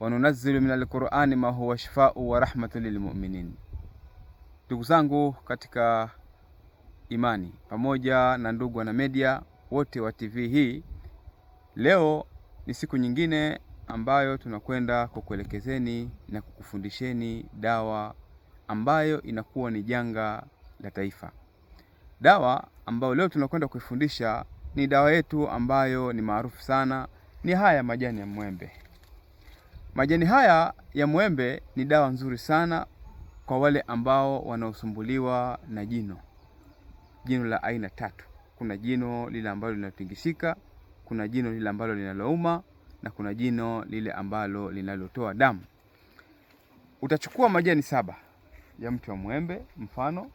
wanunazilu min alqurani ma huwa shifau wa rahmatu lilmuminin. Ndugu zangu katika imani, pamoja na ndugu wana media wote wa TV hii, leo ni siku nyingine ambayo tunakwenda kukuelekezeni na kukufundisheni dawa ambayo inakuwa ni janga la taifa. Dawa ambayo leo tunakwenda kuifundisha ni dawa yetu ambayo ni maarufu sana, ni haya majani ya mwembe. Majani haya ya mwembe ni dawa nzuri sana kwa wale ambao wanaosumbuliwa na jino. Jino la aina tatu. Kuna jino lile ambalo linatingishika, kuna jino lile ambalo linalouma na kuna jino lile ambalo linalotoa damu. Utachukua majani saba ya mti wa mwembe mfano.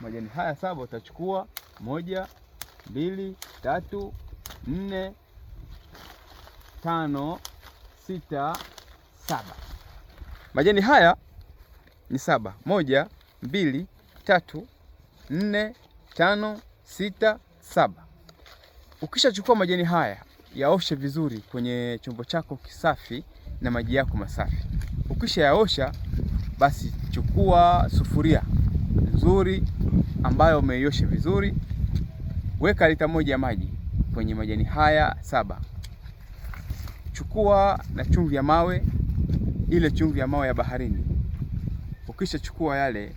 Majani haya saba utachukua moja, mbili, tatu, nne, tano, sita saba. Majani haya ni saba: moja, mbili, tatu, nne, tano, sita, saba. Ukishachukua majani haya yaoshe vizuri kwenye chombo chako kisafi na maji yako masafi. Ukisha yaosha basi, chukua sufuria nzuri ambayo umeiosha vizuri, weka lita moja ya maji kwenye majani haya saba. Chukua na chumvi ya mawe ile chumvi ya mawe ya baharini. Ukishachukua yale,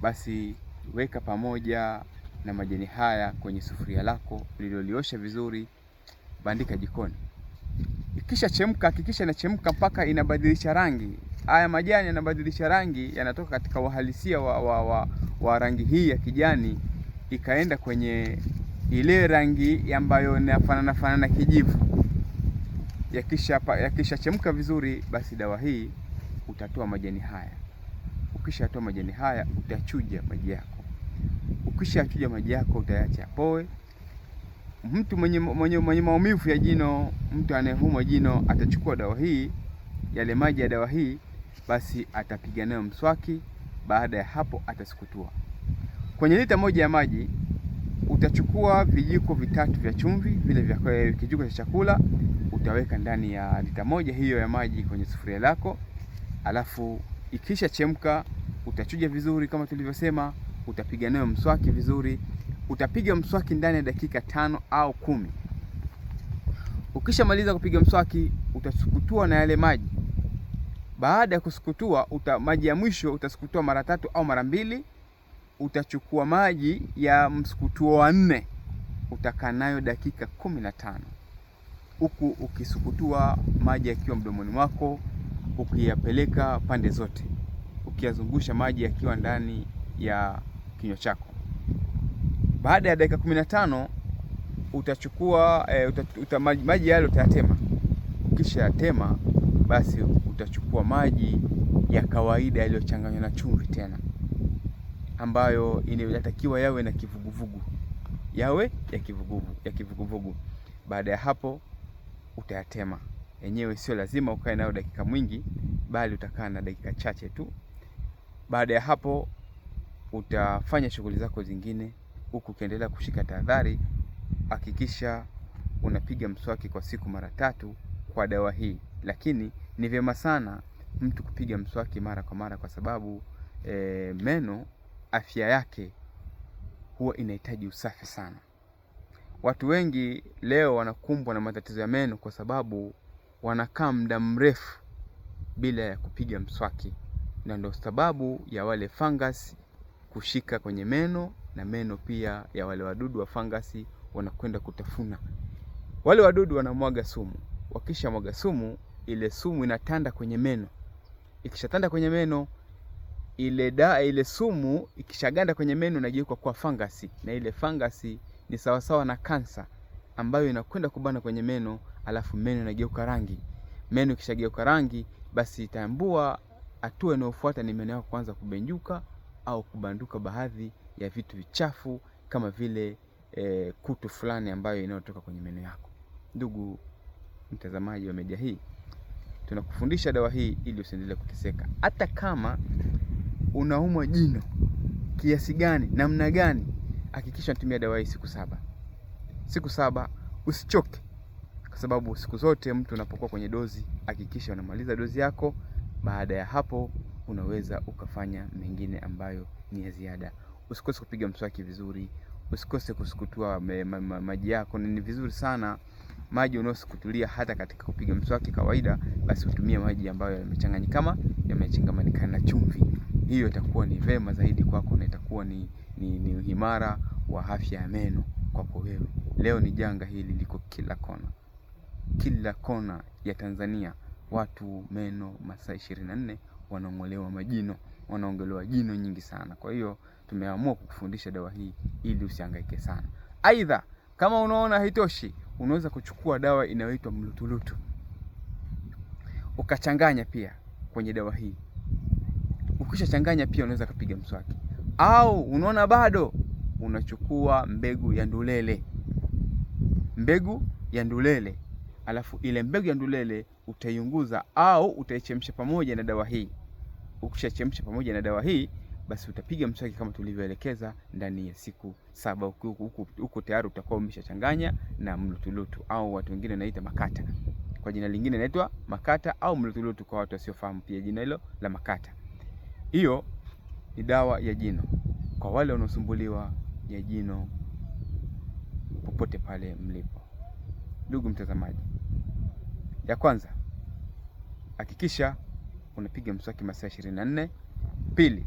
basi weka pamoja na majani haya kwenye sufuria lako uliloliosha vizuri, bandika jikoni. Ikishachemka, hakikisha inachemka mpaka inabadilisha rangi. Haya majani yanabadilisha rangi, yanatoka katika uhalisia wa, wa, wa, wa rangi hii ya kijani ikaenda kwenye ile rangi ambayo inafanana fanana kijivu yakishachemka ya vizuri, basi dawa hii utatoa majani haya. Ukishatoa majani haya utachuja maji yako. Ukishachuja maji yako utaacha yapoe. Mtu mwenye, mwenye, mwenye maumivu ya jino, mtu anayeumwa jino atachukua dawa hii, yale maji ya dawa hii, basi atapiga nayo mswaki. Baada ya hapo atasikutua Kwenye lita moja ya maji utachukua vijiko vitatu vya chumvi, vile vya eh, kijiko cha chakula utaweka ndani ya lita moja hiyo ya maji kwenye sufuria lako, alafu ikisha chemka utachuja vizuri kama tulivyosema, utapiga nayo mswaki vizuri. Utapiga mswaki ndani ya dakika tano au kumi. Ukishamaliza kupiga mswaki, utasukutua na yale maji. Baada ya kusukutua uta, maji ya mwisho utasukutua mara tatu au mara mbili. Utachukua maji ya msukutuo wa nne, utakaa nayo dakika kumi na tano huku ukisukutua maji yakiwa mdomoni mwako, ukiyapeleka pande zote, ukiyazungusha maji yakiwa ndani ya kinywa chako. Baada ya dakika kumi na tano utachukua e, uta, uta, maji, maji yale utayatema. yatema, basi utachukua maji ya kawaida yaliyochanganywa na chumvi tena, ambayo inatakiwa yawe na kivuguvugu, yawe ya kivuguvugu, ya kivuguvugu. Baada ya hapo utayatema yenyewe, sio lazima ukae nayo dakika mwingi, bali utakaa na dakika chache tu. Baada ya hapo, utafanya shughuli zako zingine huku ukiendelea kushika tahadhari. Hakikisha unapiga mswaki kwa siku mara tatu kwa dawa hii, lakini ni vyema sana mtu kupiga mswaki mara kwa mara kwa sababu e, meno afya yake huwa inahitaji usafi sana. Watu wengi leo wanakumbwa na matatizo ya meno kwa sababu wanakaa muda mrefu bila ya kupiga mswaki, na ndio sababu ya wale fungus kushika kwenye meno na meno pia ya wale wadudu wa fangasi wanakwenda kutafuna. Wale wadudu wanamwaga sumu, wakisha mwaga sumu, ile sumu inatanda kwenye meno. Ikishatanda kwenye meno ile da, ile sumu ikishaganda kwenye meno inageuka kuwa fangasi, na ile fangasi ni sawasawa na kansa ambayo inakwenda kubana kwenye meno, alafu meno inageuka rangi. Meno ikishageuka rangi, basi itambua hatua inayofuata ni meno yako kuanza kubenjuka au kubanduka baadhi ya vitu vichafu kama vile e, kutu fulani ambayo inayotoka kwenye meno yako. Ndugu mtazamaji wa media hii, tunakufundisha dawa hii ili usiendelee kuteseka. Hata kama unaumwa jino kiasi gani, namna gani, hakikisha unatumia dawa hii siku saba. Siku saba usichoke, kwa sababu siku zote mtu unapokuwa kwenye dozi hakikisha unamaliza dozi yako. Baada ya hapo, unaweza ukafanya mengine ambayo ni ya ziada. Usikose kupiga mswaki vizuri, usikose kusukutua maji yako. Ni vizuri sana maji unaosukutulia hata katika kupiga mswaki kawaida, basi utumie maji ambayo yamechanganyikana yamechangamanikana na chumvi hiyo itakuwa ni vema zaidi kwako na itakuwa ni, ni, ni uhimara wa afya ya meno kwako wewe. Leo ni janga hili liko kila kona, kila kona ya Tanzania. Watu meno masaa ishirini na nne wanaong'olewa majino, wanaongolewa jino nyingi sana. Kwa hiyo tumeamua kukufundisha dawa hii ili usihangaike sana. Aidha, kama unaona haitoshi, unaweza kuchukua dawa inayoitwa mlutulutu ukachanganya pia kwenye dawa hii ukisha changanya pia unaweza kupiga mswaki, au unaona bado, unachukua mbegu ya ndulele, mbegu ya ndulele, alafu ile mbegu ya ndulele utaiunguza au utaichemsha pamoja na dawa hii. Ukishachemsha pamoja na dawa hii, basi utapiga mswaki kama tulivyoelekeza ndani ya siku saba. Huko tayari utakuwa umeshachanganya na mlutulutu au watu wengine naita makata, kwa jina lingine naitwa makata au mlutulutu, kwa watu wasiofahamu pia jina hilo la makata. Hiyo ni dawa ya jino kwa wale wanaosumbuliwa ya jino popote pale mlipo. Ndugu mtazamaji, ya kwanza, hakikisha unapiga mswaki masaa ishirini na nne. Pili,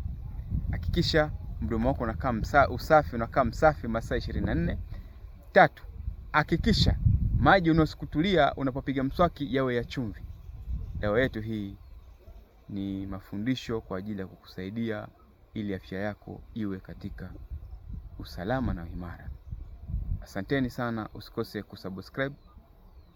hakikisha mdomo wako unakaa msa, usafi unakaa msafi masaa ishirini na nne. Tatu, hakikisha maji unayosukutulia unapopiga mswaki yawe ya chumvi. Dawa yetu hii ni mafundisho kwa ajili ya kukusaidia ili afya yako iwe katika usalama na imara. Asanteni sana, usikose kusubscribe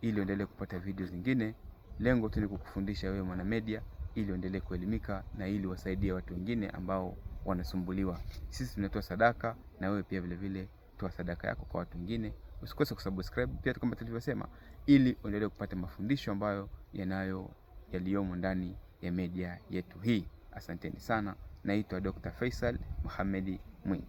ili uendelee kupata video zingine. Lengo tu ni kukufundisha wewe mwanamedia, ili uendelee kuelimika na ili wasaidie watu wengine ambao wanasumbuliwa. Sisi tunatoa sadaka na wewe pia vilevile vile, toa sadaka yako kwa watu wengine. Usikose kusubscribe pia kama tulivyosema, ili uendelee kupata mafundisho ambayo yanayo yaliyomo ndani ya media yetu hii. Asanteni sana, naitwa Dr. Faisal Mohamed Mwinyi.